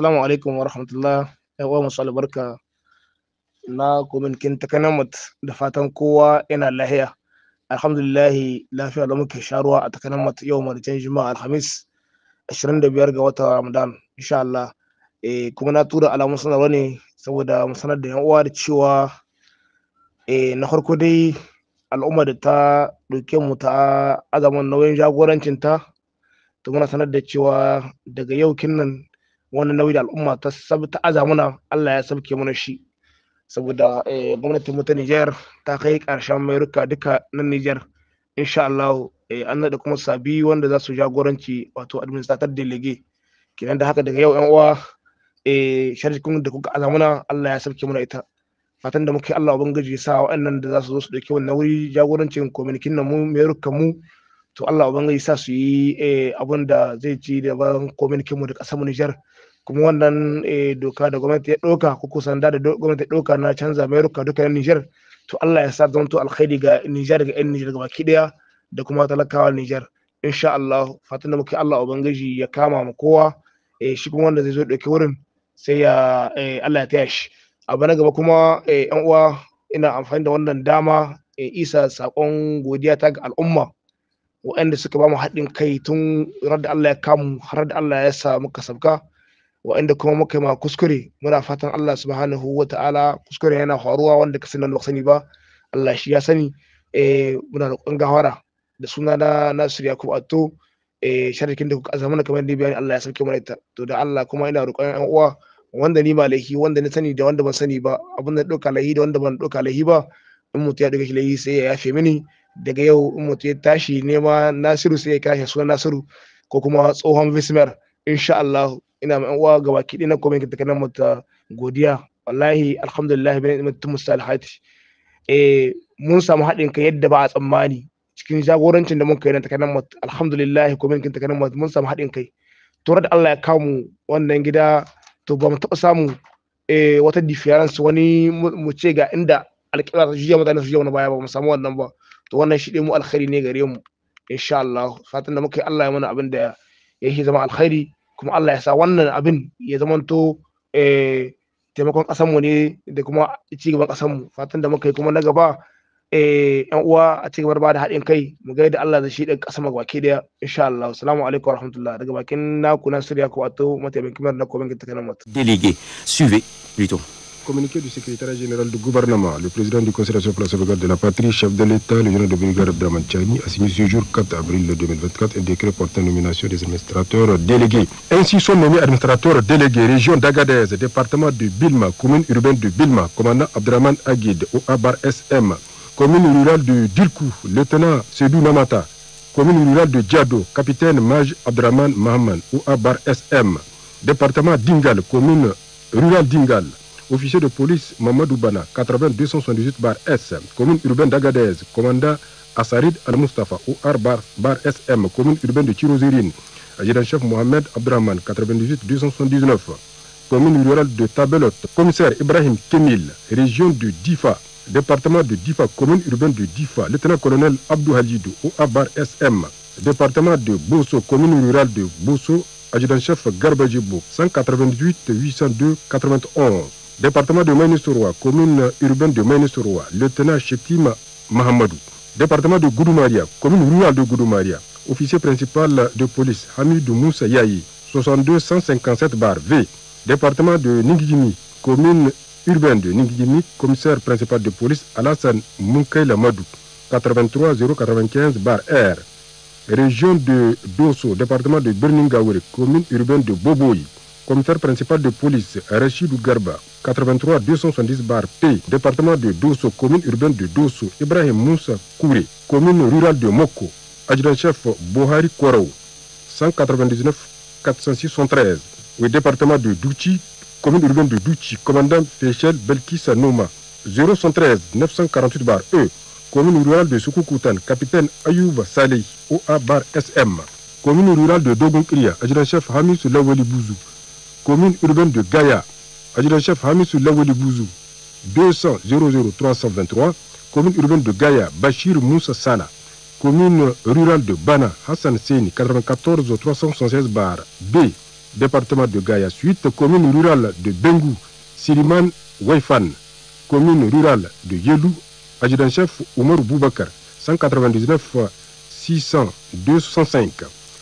assalamu alaikum wa rahmatullah ya masu albarka na kominkin takanamut da fatan kowa yana lahiya alhamdulillahi lafiya da muke sharuwa a takanamut yau maritan juma'a alhamis 25 ga watan ramadan insha Allah eh, kuma na tura alamun sanarwa ne saboda mu da yan uwa da cewa e na farko dai al'umma da ta ɗauke mu ta azaman nauyin jagorancinta ta muna sanar da cewa daga yau kinnan wani nauyi da al'umma ta ta aza muna Allah ya sabke mana shi saboda eh, gwamnatin mu ta Niger ta kai karshen ruka duka na Nijar. insha Allah eh, an nada kuma sabi wanda za su jagoranci wato administrator delege kenan da haka daga yau yan uwa eh, sharikun da kuka azamuna Allah ya sabke muna ita fatan da muke Allah ubangiji ya sa wa'annan da za su zo su dauki wannan wuri jagorancin kominikin nan mu ruka mu to Allah ubangiji sa su yi eh, abun da zai ci da ban komai mu da kasar Nijar kuma wannan eh, doka da gwamnati ya doka ko kusan da gwamnati ya doka na canza ruka duka na Nijar to Allah ya sa to alkhairi ga Nijar ga 'yan Nijar baki daya da kuma talakawa Nijar insha Allah fatan da muke Allah ubangiji ya kama mu kowa eh, shi kuma wanda zai zo dauke wurin sai ya Allah ya taya shi abu na gaba kuma yan uwa ina amfani da wannan dama isa sakon godiya ta ga al'umma waɗanda suka ba mu haɗin kai tun da Allah ya kamu har da Allah ya sa muka sabka waɗanda kuma muka yi ma kuskure muna fatan Allah subhanahu wa ta'ala kuskure yana faruwa wanda ka sani ba sani ba Allah shi ya sani eh muna roƙon gawara da suna na Nasir Yakub Atto eh sharikin da kuka azama kamar da bayani Allah ya sauke mana ita to da Allah kuma ina roƙon ƴan uwa wanda ni malaki wanda ni sani da wanda ban sani ba abin da ɗauka lahi da wanda ban ɗauka lahi ba in mutum ya ɗauka shi lahi sai ya yafe mini daga yau in mutum ya tashi nema nasiru sai ya kashe sunan nasiru ko kuma tsohon vismer insha Allah ina mai uwa ga baki dina komai ta kanan mata godiya wallahi alhamdulillah bin mutum musalihati eh mun samu haɗin kai yadda ba a tsammani cikin jagorancin da muka yi na takanan mata alhamdulillah komai kin takanan mata mun samu haɗin kai tore da Allah ya kamu wannan gida to ba mu taɓa samu eh, wata difference wani mu ce ga inda alƙibla ta juya mutane su juya wani baya ba mu samu wannan ba to wannan shi mu alkhairi ne gare mu insha Allah fatan da muka Allah ya mana abin da yake zama alkhairi kuma Allah ya sa wannan abin ya zamanto eh, taimakon ƙasar mu ne da kuma ci gaban ƙasar mu fatan da muka yi kuma na gaba yan eh, uwa a ci gaba da bada haɗin kai mu gaida Allah da shi da ƙasar mu baki daya insha Allah assalamu alaikum warahmatullahi daga bakin naku nan Surya ko Ato mataimakin kamar na ko bankin takanan mata délégué suivez plutôt communiqué du secrétaire général du gouvernement, le président du Conseil de la sauvegarde de la patrie, chef de l'État, le général de brigade Abdraman Chani, a signé ce jour 4 avril 2024 un décret portant nomination des administrateurs délégués. Ainsi sont nommés administrateurs délégués région d'Agadez, département de Bilma, commune urbaine de Bilma, commandant Abdraman Aguid, au Abar SM, commune rurale de Dirkou, lieutenant Sedou Namata, commune rurale de Diado, capitaine Maj Abdraman Mahaman, au Abar SM, département d'Ingal, commune rurale d'Ingal officier de police Mamadou Bana, 80-278-S, commune urbaine d'Agadez, commandant Assarid Al-Mustafa, OR bar, SM, commune urbaine de Tirozirine, adjudant-chef Mohamed Abdrahman, 98-279, commune rurale de Tabelote, commissaire Ibrahim Kemil, région de Difa, département de Difa, commune urbaine de Difa, lieutenant-colonel Abdou Halidou, OA bar SM, département de Boso, commune rurale de Boso, adjudant-chef Garbajibo, 198-802-91 département de Maïnissouroua, commune urbaine de Maïnissouroua, lieutenant Chetim Mahamadou, département de Goudoumaria, commune rurale de Goudoumaria, officier principal de police Hamidou Moussa Yahi, 62 157 bar V, département de Ningidimi, commune urbaine de Ningidimi, commissaire principal de police Alassane Moukaila Madouk, 83 095 bar R, région de Dosso, département de Berningaoure, commune urbaine de Boboï commissaire principal de police, Rachidou Garba, 83 270 bar P, département de Dosso, commune urbaine de Dosso, Ibrahim Moussa Kouré, commune rurale de Moko, adjudant-chef Bohari Korou, 199 406 113 département de Douchi, commune urbaine de Douchi, commandant Féchel Belkissa Noma, 013 948 bar E, commune rurale de Soukoukoutane, capitaine Ayouba Saleh, OA bar SM, commune rurale de Dogonkria, adjudant-chef Hamis Lawali Bouzou, commune urbaine de Gaïa, adjudant-chef Hamissou Bouzou, 200 00 commune urbaine de Gaïa, Bachir Moussa Sana, commune rurale de Bana, Hassan Seni, 94 316 bar B, département de Gaïa, suite commune rurale de Bengou, Siriman Waifan, commune rurale de Yelou, adjudant-chef Oumar Boubakar, 199 600 205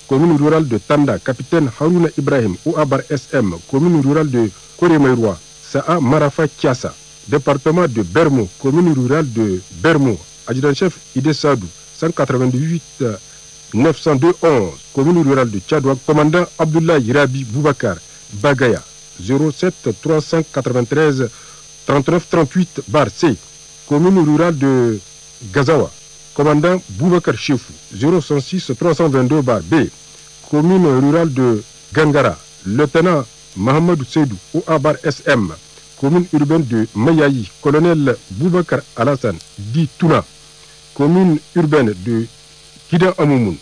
commune rurale de Tanda, capitaine Harouna Ibrahim, Ouabar SM, commune rurale de Koremeroua, Saa Marafa Kiasa, département de Bermo, commune rurale de Bermo, adjudant-chef Ide Sadou, 198 902 11, commune rurale de Tchadoua, commandant Abdullah Rabi Boubakar, Bagaya, 07 393 39 38 bar C, commune rurale de Gazawa, commandant Boubacar Chefou, 0106 322 bar B, commune rurale de Gangara, lieutenant Mohamed Seydou, OA, SM, commune urbaine de Mayayi, colonel Boubacar Alassane, dit Touna, commune urbaine de Kida Amoumoun,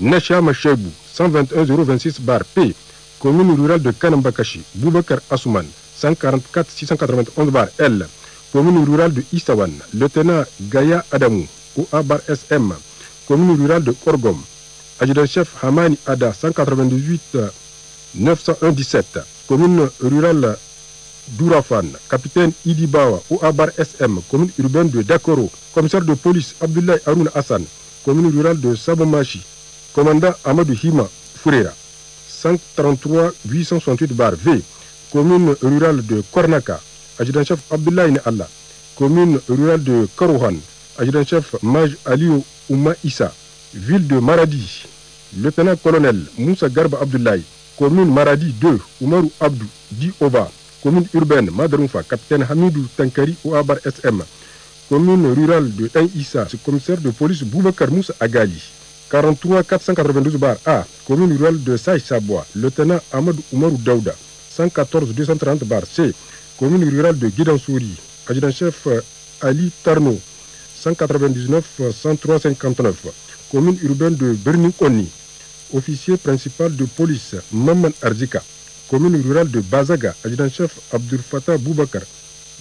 Nacha 121-026 bar P, commune rurale de Kanambakashi, Boubacar Assouman, 144-691 bar L, commune rurale de Isawan, lieutenant Gaya Adamou, Ouabar SM, commune rurale de Korgom. Adjudant-chef Hamani Ada, 198 901 commune rurale d'Ourafan. Capitaine Idibawa, ou SM, commune urbaine de Dakoro. Commissaire de police Abdoulaye Arun Hassan, commune rurale de Sabomachi. Commandant Amadou Hima Furera, 133-868-V, commune rurale de Kornaka. Adjudant-chef Abdoulaye Allah, commune rurale de Korohan adjudant-chef Maj Aliou Ouma Issa, ville de Maradi, lieutenant-colonel Moussa Garba Abdoulaye, commune Maradi 2, Oumarou Abdou, Di Ova, commune urbaine Madaroufa, capitaine Hamidou Tankari Ouabar SM, commune rurale de 1 Issa, commissaire de police Boubacar Moussa Agali. 43 492 bar A, commune rurale de Saï Sabwa, lieutenant Ahmed Oumarou Daouda. 114 230 bar C, commune rurale de Guidansouri, adjudant-chef Ali Tarno, 199 59 commune urbaine de Bernikoni, officier principal de police Mamman Arzika, commune rurale de Bazaga, adjudant-chef Abdul Fattah Boubakar,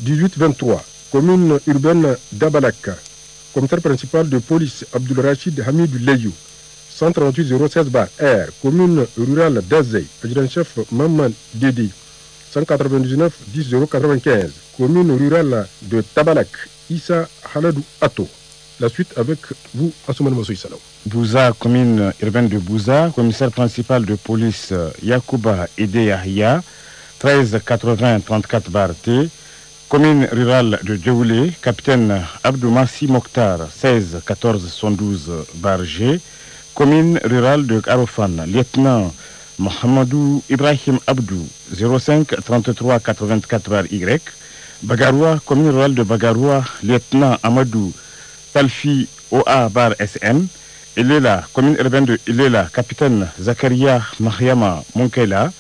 23 commune urbaine d'Abalak, commissaire principal de police Abdul Rachid Hamid Leyou, 138 bar R, commune rurale d'Azey, adjudant-chef Maman Dedi, 199 10 095, commune rurale de Tabalak, Issa Haladou Ato. La suite avec vous, Assoumane Massoui Salam. Bouza, commune urbaine de Bouza, commissaire principal de police Yacouba Ede 13 1380-34-T, commune rurale de Déoulé, capitaine Abdou Mokhtar, 16-14-112-G, commune rurale de Garofan, lieutenant Mohamedou Ibrahim Abdou, 05-33-84-Y, Bagaroua, commune rurale de Bagaroua, lieutenant Amadou Talfi OA bar SN, Ilela, commune urbaine de Ilela, capitaine Zakaria Mariama Monkela,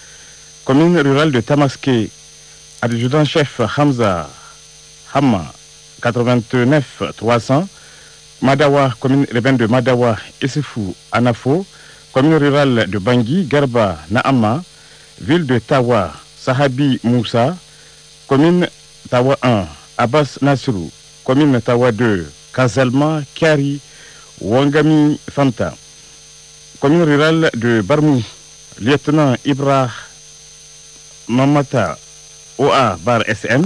commune rurale de Tamaské, adjudant-chef Hamza Hamma 89 300, Madawa, commune urbaine de Madawa, Essefou, Anafo, commune rurale de Bangui, Garba, Naama, ville de Tawa, Sahabi Moussa, commune Tawa 1, Abbas Nasru, de Metawa 2, Kazalma Kari, Wangami Fanta, commune rurale de Barmou, lieutenant Ibra Mamata, OA bar SM,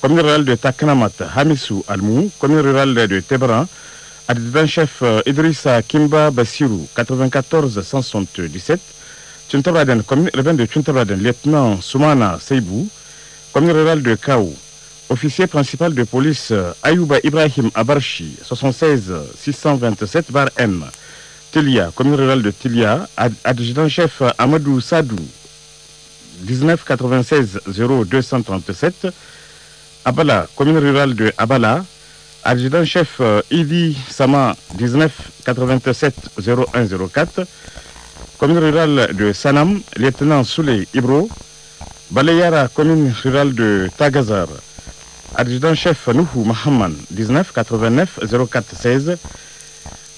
commune rurale de Taknamat, Hamisu Almou, commune rurale de Tebran, adjudant-chef euh, Idrissa Kimba Basiru 94 177, Tuntabraden, commune urbaine de Tuntabraden, lieutenant Soumana Seibou, commune rurale de Kaou, officier principal de police euh, Ayouba Ibrahim Abarchi, 76 627 bar M, Tilia, commune rurale de Tilia, adjudant-chef Amadou Sadou, 1996 0237, Abala, commune rurale de Abala, adjudant-chef euh, Idi Sama, 19 87 0104, commune rurale de Sanam, lieutenant Souley Ibro, Balayara, commune rurale de Tagazar, adjudant-chef Nuhu Mahaman, 19 89 04 16,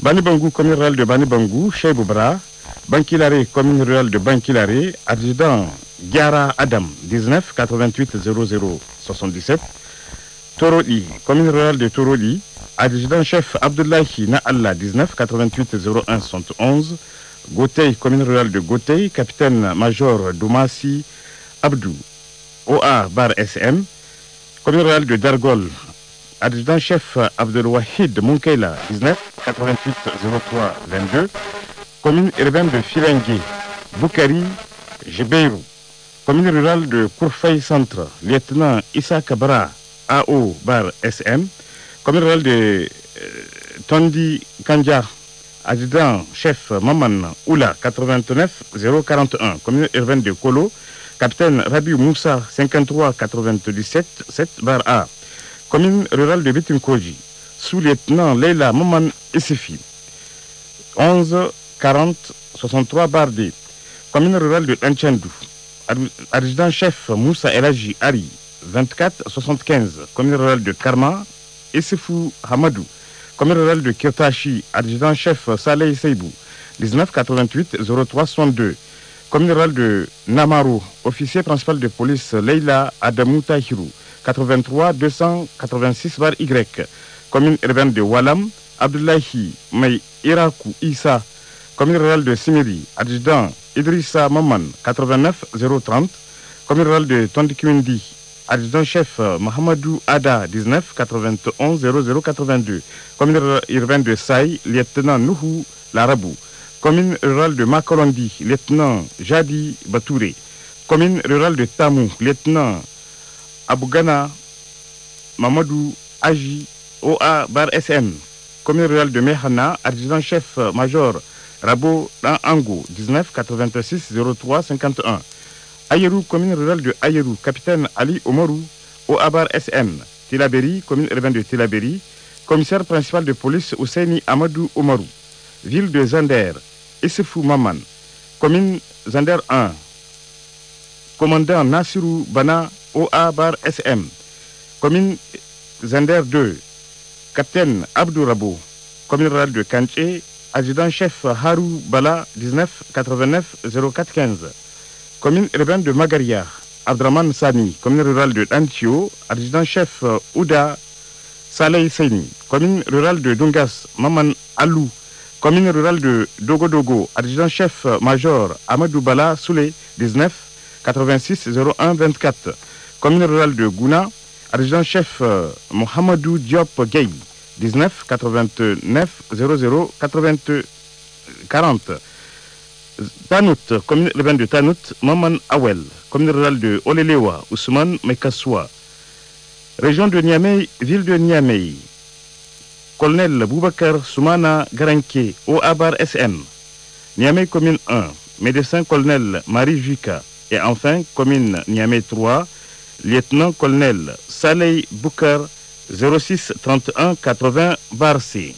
Banibangou, commune rurale de Banibangou, Chey Boubra, Bankilare, commune rurale de Bankilare, adjudant Gara Adam, 19 88 00 77, Toroli, commune rurale de Toroli, adjudant-chef Abdullahi Na'Allah, 19 88 01 71, Gotei, commune rurale de Gotei, capitaine-major Doumassi Abdou, OA bar SM, commune rurale de Dargol, adjudant-chef Abdelwahid Munkeila, 19 88 03 22, commune urbaine de Filengue, Boukari, Jebeirou, commune rurale de Courfey Centre, lieutenant Issa Kabra, AO bar SM, commune rurale de euh, Tondi Kandja, adjudant chef Maman Oula 89 041, commune urbaine de Kolo, Capitaine Rabiu Moussa, 53-97, 7 bar A. Commune rurale de Betinkoji. Sous-lieutenant Leila Moman Essifi. 11 40 63 bar D. Commune rurale de Nchendou. Adjudant chef Moussa Elagi Ari, 24-75, commune rurale de Karma, Issifou Hamadou, commune rurale de Kirtashi. adjudant chef Saleh Seibou, 19-88-03-62, royale de Namarou, officier principal de police Leila Adamou 83 286 bar Y. Commune urbaine de Walam, Abdullahi May Irakou Issa. Commune de Simiri, adjudant Idrissa Maman, 89 030. Commune rurale de Tondikwindi, adjudant chef euh, Mahamadou Ada, 19 91 0082. Commune urbaine de Saï, lieutenant Nuhu Larabou commune rurale de Makorondi, lieutenant Jadi Batouré, commune rurale de Tamou, lieutenant Abougana Mamadou Aji OA Bar SN, commune rurale de Mehana, adjudant-chef major Rabo dan 19 86 03 51. Ayerou, commune rurale de Ayerou, capitaine Ali Omarou, bar SN, Tilaberi, commune urbaine de Tilaberi, commissaire principal de police Ousseini Amadou Omarou, ville de Zander, fou Maman, commune Zander 1, commandant Nassirou Bana OA bar SM, commune Zander 2, capitaine Abdou Rabo, commune rurale de Kanché, adjudant-chef Harou Bala 19 89 04 15, commune urbaine de Magaria, Abdraman Sani, commune rurale de Antio, adjudant-chef Ouda Saleh Seini, commune rurale de Dongas, Maman Alou, commune rurale de Dogodogo, adjudant-chef major Amadou Bala Soule, 19 86 01 24. Commune rurale de Gouna, adjudant-chef Mohamedou Diop Gueye, 19 89 00 80 40. Tanout, commune rurale de Tanout, Maman Awel, commune rurale de Olelewa, Ousmane Mekassoua. Région de Niamey, ville de Niamey, Colonel Boubacar Soumana Garanké, au Abar SN. Niamey commune 1, médecin colonel Marie Juka. Et enfin, commune Niamey 3, lieutenant-colonel Saleh Bouker, 06 31 80 Barcy.